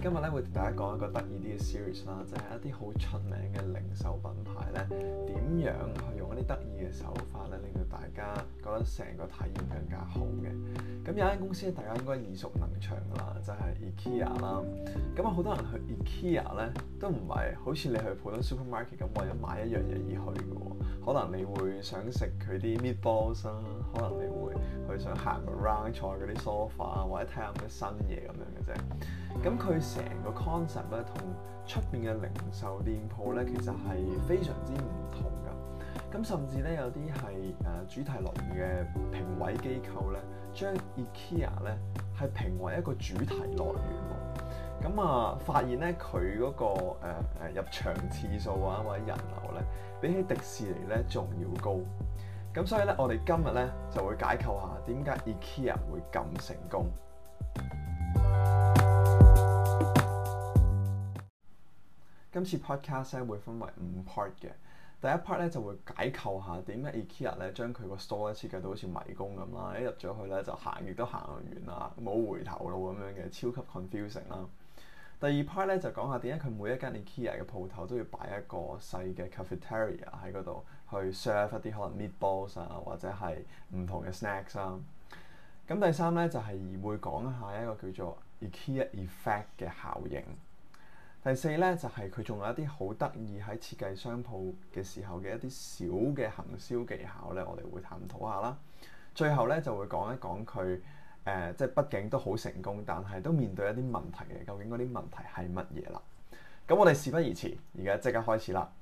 今日咧會同大家講一個得意啲嘅 series 啦，就係、是、一啲好出名嘅零售品牌咧，點樣去用一啲得意嘅手法咧，令到大家覺得成個體驗更加好嘅。咁有一間公司大家應該耳熟能詳啦，就係、是、IKEA 啦。咁啊，好多人去 IKEA 咧，都唔係好似你去普通 supermarket 咁為咗買一樣嘢而去嘅喎。可能你會想食佢啲 meatballs 啦、啊，可能你會去想行個 round，坐嗰啲 sofa 啊，或者睇下咩新嘢咁樣嘅啫。咁佢。成個 concept 咧，同出面嘅零售店鋪咧，其實係非常之唔同㗎。咁甚至咧，有啲係誒主題樂園嘅評委機構咧，將 IKEA 咧係評為一個主題樂園。咁啊，發現咧佢嗰個誒入場次數啊，或者人流咧，比起迪士尼咧仲要高。咁所以咧，我哋今日咧就會解構下點解 IKEA 會咁成功。今次 podcast 咧會分為五 part 嘅，第一 part 咧就會解構下點解 IKEA 咧將佢個 store 咧設計到好似迷宮咁啦，一入咗去咧就行亦都行唔完啦，冇回頭路咁樣嘅，超級 confusing 啦。第二 part 咧就講下點解佢每一間 IKEA 嘅鋪頭都要擺一個細嘅 cafeteria 喺嗰度，去 serve 一啲可能 meatballs 啊或者係唔同嘅 snacks 啦、啊。咁第三咧就係會講一下一個叫做 IKEA effect 嘅效應。第四呢，就係佢仲有一啲好得意喺設計商鋪嘅時候嘅一啲小嘅行銷技巧呢，我哋會探討下啦。最後呢，就會講一講佢誒，即係畢竟都好成功，但係都面對一啲問題嘅。究竟嗰啲問題係乜嘢啦？咁我哋事不宜遲，而家即刻開始啦。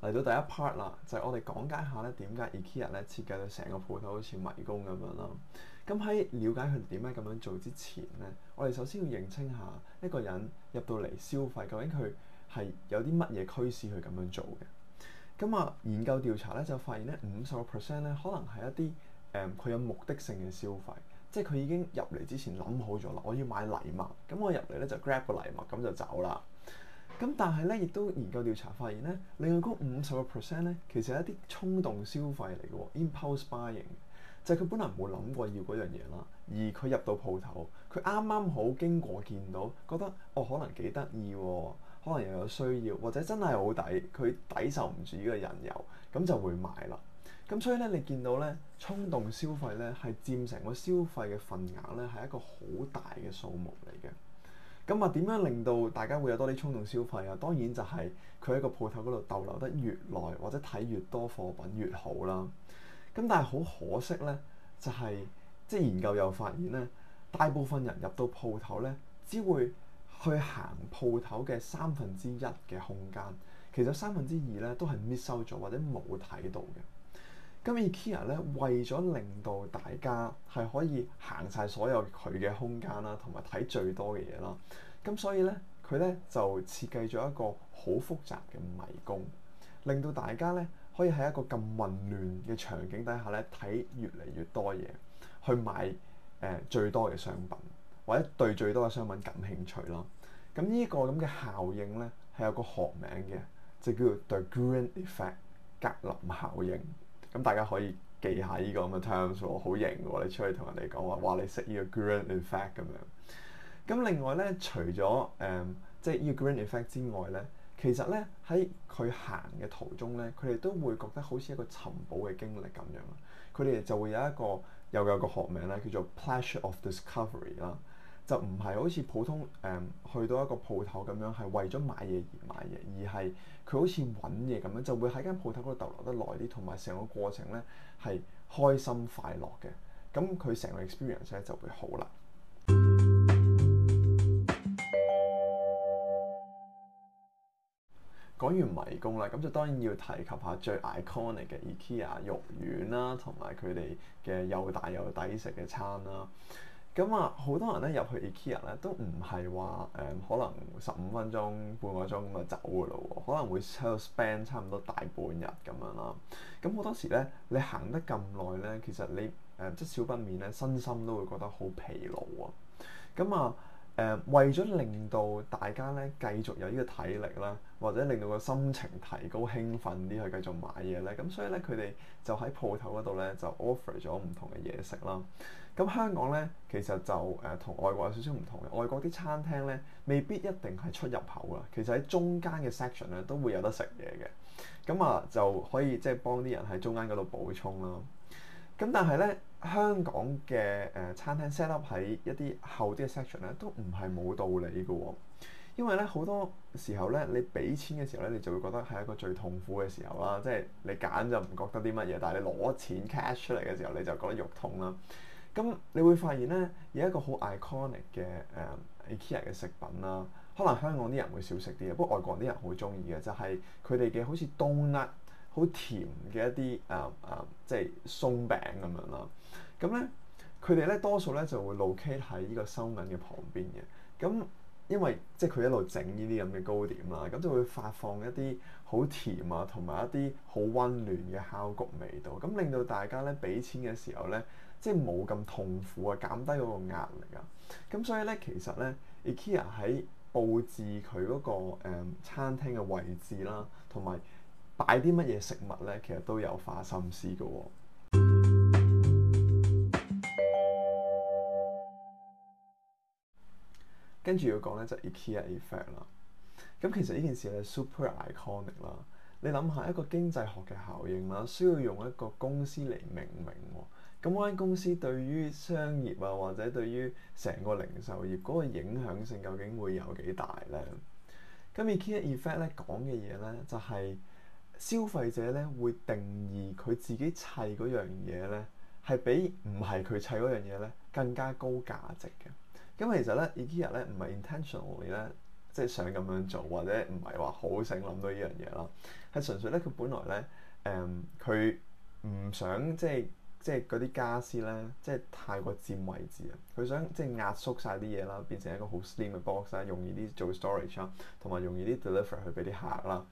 嚟 到第一 part 啦，就係、是、我哋講解下呢點解 IKEA 呢設計到成個鋪頭好似迷宮咁樣咯。咁喺了解佢哋點解咁樣做之前呢，我哋首先要認清下一個人入到嚟消費，究竟佢係有啲乜嘢驅使佢咁樣做嘅。咁啊，研究調查咧就發現咧，五十個 percent 咧可能係一啲誒佢有目的性嘅消費，即係佢已經入嚟之前諗好咗啦，我要買禮物，咁我入嚟咧就 grab 個禮物，咁就走啦。咁但係咧，亦都研究調查發現咧，另外嗰五十個 percent 咧，其實係一啲衝動消費嚟嘅喎，impulse buying。就係佢本來冇諗過要嗰樣嘢啦，而佢入到鋪頭，佢啱啱好經過見到，覺得哦可能幾得意喎，可能又有需要，或者真係好抵，佢抵受唔住呢個引誘，咁就會買啦。咁所以咧，你見到咧，衝動消費咧係佔成個消費嘅份額咧係一個好大嘅數目嚟嘅。咁啊，點樣令到大家會有多啲衝動消費啊？當然就係佢喺個鋪頭嗰度逗留得越耐，或者睇越多貨品越好啦。咁但係好可惜咧，就係即係研究又發現咧，大部分人入到鋪頭咧，只會去行鋪頭嘅三分之一嘅空間，其實三分之二咧都係 miss 咗或者冇睇到嘅。咁 IKEA 咧為咗令到大家係可以行晒所有佢嘅空間啦，同埋睇最多嘅嘢啦，咁所以咧佢咧就設計咗一個好複雜嘅迷宮，令到大家咧～可以喺一個咁混亂嘅場景底下咧，睇越嚟越多嘢，去買誒最多嘅商品，或者對最多嘅商品感興趣咯。咁呢個咁嘅效應咧，係有個學名嘅，就叫做 Green Effect（ 格林效應）。咁大家可以記下呢個咁嘅 term，好型喎！你出去同人哋講話，哇！你識呢個 Green Effect 咁樣。咁另外咧，除咗誒，即係呢個 Green Effect 之外咧。其實咧，喺佢行嘅途中咧，佢哋都會覺得好似一個尋寶嘅經歷咁樣。佢哋就會有一個又有一個學名咧，叫做 pleasure of discovery 啦。就唔係好似普通誒、嗯、去到一個鋪頭咁樣，係為咗買嘢而買嘢，而係佢好似揾嘢咁樣，就會喺間鋪頭嗰度逗留得耐啲，同埋成個過程咧係開心快樂嘅。咁佢成個 experience 咧就會好啦。講完迷宮啦，咁就當然要提及下最 iconic 嘅 IKEA 肉丸啦，同埋佢哋嘅又大又抵食嘅餐啦。咁啊，好多人咧入去 IKEA 咧都唔係話誒，可能十五分鐘、半個鐘咁就走㗎咯，可能會喺度 spend 差唔多大半日咁樣啦。咁好多時咧，你行得咁耐咧，其實你誒即少不免咧身心都會覺得好疲勞喎、啊。咁啊誒，為咗令到大家咧繼續有呢個體力咧。或者令到個心情提高興奮啲去繼續買嘢咧，咁所以咧佢哋就喺鋪頭嗰度咧就 offer 咗唔同嘅嘢食啦。咁香港咧其實就誒同、呃、外國有少少唔同嘅，外國啲餐廳咧未必一定係出入口啦，其實喺中間嘅 section 咧都會有得食嘢嘅。咁啊就可以即係、就是、幫啲人喺中間嗰度補充啦。咁但係咧香港嘅誒、呃、餐廳 set up 喺一啲後啲嘅 section 咧都唔係冇道理嘅喎、哦。因為咧好多時候咧，你俾錢嘅時候咧，你就會覺得係一個最痛苦嘅時候啦。即係你揀就唔覺得啲乜嘢，但係你攞錢 cash 出嚟嘅時候，就是、你，就你，時候你就覺得肉痛啦。咁你會發現咧，有一個好 iconic 嘅誒、嗯、IKEA 嘅食品啦。可能香港啲人會少食啲嘅，不過外國啲人，人、就是、好中意嘅就係佢哋嘅好似 donut 好甜嘅一啲誒誒，即係鬆餅咁樣啦。咁咧佢哋咧多數咧就會 locate 喺呢個收銀嘅旁邊嘅。咁因為即係佢一路整呢啲咁嘅糕點啦，咁就會發放一啲好甜啊，同埋一啲好温暖嘅烤焗味道，咁令到大家咧俾錢嘅時候咧，即係冇咁痛苦啊，減低嗰個壓力啊。咁所以咧，其實咧，IKEA 喺佈置佢嗰個、嗯、餐廳嘅位置啦，同埋擺啲乜嘢食物咧，其實都有花心思嘅。跟住要講咧，就 IKEA effect 啦。咁其實呢件事咧 super iconic 啦。你諗下一個經濟學嘅效應啦，需要用一個公司嚟命名喎。咁嗰間公司對於商業啊，或者對於成個零售業嗰個影響性究竟會有幾大咧？咁 IKEA effect 咧講嘅嘢咧，就係消費者咧會定義佢自己砌嗰樣嘢咧，係比唔係佢砌嗰樣嘢咧更加高價值嘅。咁其實咧，IKEA 咧唔係 intentionally 咧，即係想咁樣做，或者唔係話好醒諗到依樣嘢咯。係純粹咧，佢本來咧，誒、嗯，佢唔想即係即係嗰啲家私咧，即係太過佔位置啊。佢想即係壓縮晒啲嘢啦，變成一個好 slim 嘅 box 啦，容易啲做 storage 啦，同埋容易啲 delivery 去俾啲客啦。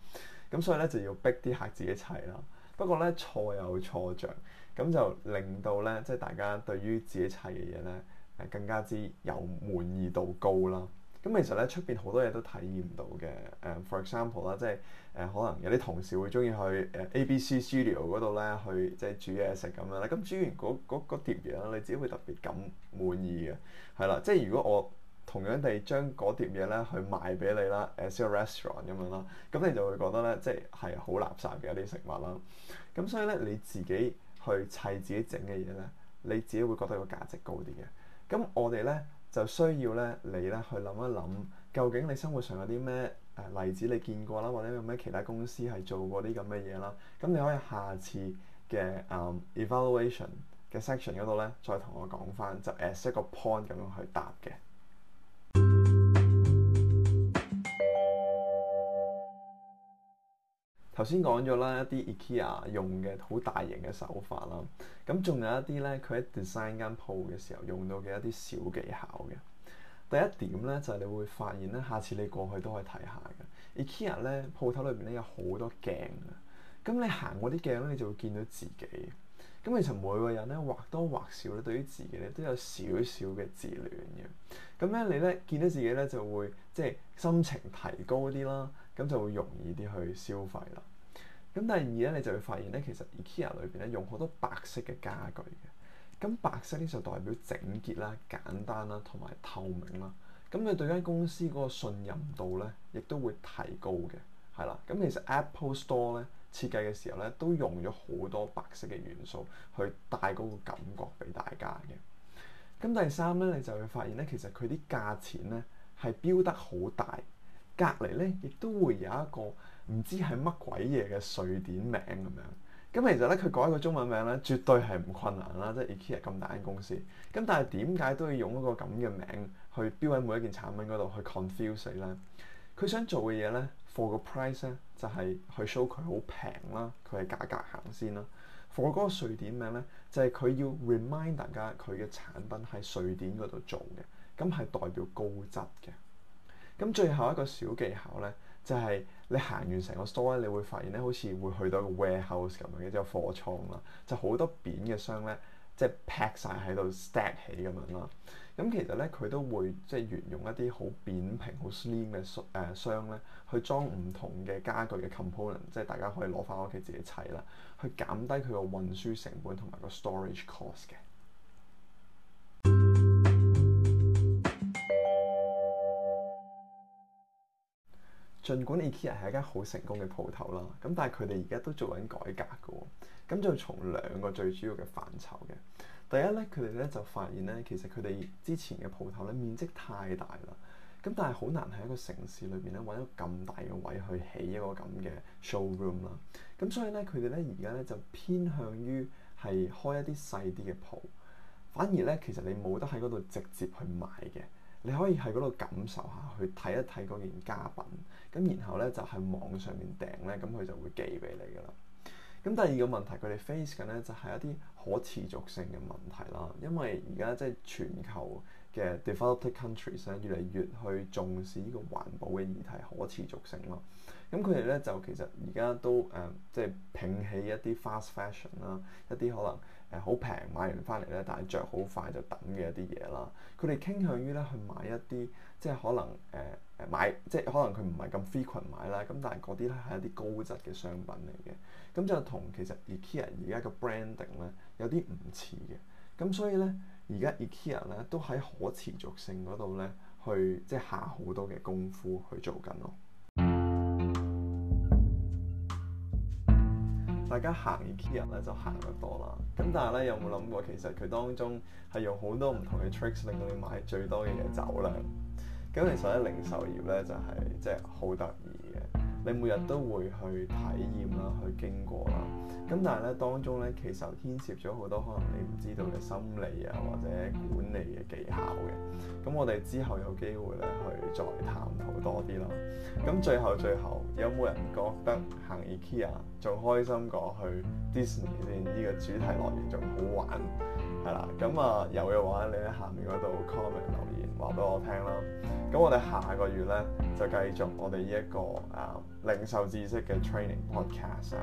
咁所以咧就要逼啲客自己砌啦。不過咧錯有錯著，咁就令到咧即係大家對於自己砌嘅嘢咧。更加之有滿意度高啦。咁其實咧，出邊好多嘢都體驗唔到嘅。誒、uh，for example 啦，即係誒，可能有啲同事會中意去誒 A B C Studio 嗰度咧，去即係煮嘢食咁樣啦。咁煮完嗰碟嘢咧，你自己會特別咁滿意嘅。係啦，即係如果我同樣地將嗰碟嘢咧去賣俾你啦，as a restaurant 咁樣啦，咁你就會覺得咧，即係係好垃圾嘅一啲食物啦。咁所以咧，你自己去砌自己整嘅嘢咧，你自己會覺得個價值高啲嘅。咁我哋咧就需要咧你咧去諗一諗，究竟你生活上有啲咩誒例子你見過啦，或者有咩其他公司係做過啲咁嘅嘢啦？咁、啊、你可以下次嘅誒、嗯、evaluation 嘅 section 嗰度咧，再同我講翻，就 as 一個 point 咁樣去答嘅。頭先講咗啦，一啲 IKEA 用嘅好大型嘅手法啦，咁仲有一啲咧，佢喺 design 間鋪嘅時候用到嘅一啲小技巧嘅。第一點咧，就係、是、你會發現咧，下次你過去都可以睇下嘅。IKEA 咧，鋪頭裏邊咧有好多鏡啊，咁你行過啲鏡咧，你就會見到自己。咁其實每個人咧，或多或少咧，對於自己咧都有少少嘅自戀嘅。咁咧，你咧見到自己咧，就會即係、就是、心情提高啲啦。咁就會容易啲去消費啦。咁第二咧，你就會發現咧，其實 IKEA 裏邊咧用好多白色嘅家具嘅。咁白色咧就代表整潔啦、簡單啦同埋透明啦。咁你對間公司嗰個信任度咧，亦都會提高嘅。係啦，咁其實 Apple Store 咧設計嘅時候咧，都用咗好多白色嘅元素去帶嗰個感覺俾大家嘅。咁第三咧，你就會發現咧，其實佢啲價錢咧係標得好大。隔離咧，亦都會有一個唔知係乜鬼嘢嘅瑞典名咁樣。咁其實咧，佢改一個中文名咧，絕對係唔困難啦。即係 IKEA 咁大間公司。咁但係點解都要用一個咁嘅名去標喺每一件產品嗰度去 confuse 你咧？佢想做嘅嘢咧，for 個 price 咧，就係去 show 佢好平啦，佢係價格行先啦。for 嗰個瑞典名咧，就係、是、佢要 remind 大家佢嘅產品喺瑞典嗰度做嘅，咁係代表高質嘅。咁最後一個小技巧咧，就係你行完成個 store 咧，你會發現咧，好似會去到一個 warehouse 咁樣嘅即個貨倉啦，就好多扁嘅箱咧，即係 pack 晒喺度 stack 起咁樣啦。咁其實咧，佢都會即係沿用一啲好扁平、好 slim 嘅箱誒箱咧，去裝唔同嘅家具嘅 component，即係大家可以攞翻屋企自己砌啦，去減低佢個運輸成本同埋個 storage cost 嘅。儘管 IKEA 係一間好成功嘅鋪頭啦，咁但係佢哋而家都做緊改革㗎喎，咁就從兩個最主要嘅範疇嘅。第一咧，佢哋咧就發現咧，其實佢哋之前嘅鋪頭咧面積太大啦，咁但係好難喺一個城市裏邊咧搵一個咁大嘅位去起一個咁嘅 showroom 啦。咁所以咧，佢哋咧而家咧就偏向於係開一啲細啲嘅鋪，反而咧其實你冇得喺嗰度直接去買嘅。你可以喺嗰度感受下去睇一睇嗰件家品，咁然後咧就喺網上面訂咧，咁佢就會寄俾你噶啦。咁第二個問題，佢哋 face 緊咧就係一啲可持續性嘅問題啦，因為而家即係全球嘅 developed countries 咧越嚟越去重視呢個環保嘅議題、可持續性咯。咁佢哋咧就其實而家都誒即係摒棄一啲 fast fashion 啦，一啲可能。誒好平買完翻嚟咧，但係著好快就抌嘅一啲嘢啦。佢哋傾向於咧去買一啲即係可能誒誒、呃、買即係可能佢唔係咁 frequent 買啦。咁但係嗰啲咧係一啲高質嘅商品嚟嘅。咁就同其實 IKEA 而家嘅 branding 咧有啲唔似嘅。咁所以咧而家 IKEA 咧都喺可持續性嗰度咧去即係下好多嘅功夫去做緊咯。大家行嘅 k 人 a 咧就行得多啦，咁但係咧有冇諗過其實佢當中係用好多唔同嘅 tricks 令到你買最多嘅嘢走啦，咁其實咧零售業咧就係即係好得意嘅。就是你每日都會去體驗啦，去經過啦，咁但係咧當中咧其實牽涉咗好多可能你唔知道嘅心理啊，或者管理嘅技巧嘅，咁我哋之後有機會咧去再探討多啲咯。咁最後最後，有冇人覺得行 IKEA 仲開心過去 Disney 呢、呢個主題樂園仲好玩？係啦，咁啊有嘅話，你喺下面嗰度 comment 留言話俾我聽啦。咁我哋下個月咧就繼續我哋呢一個啊零售知識嘅 training podcast 啊。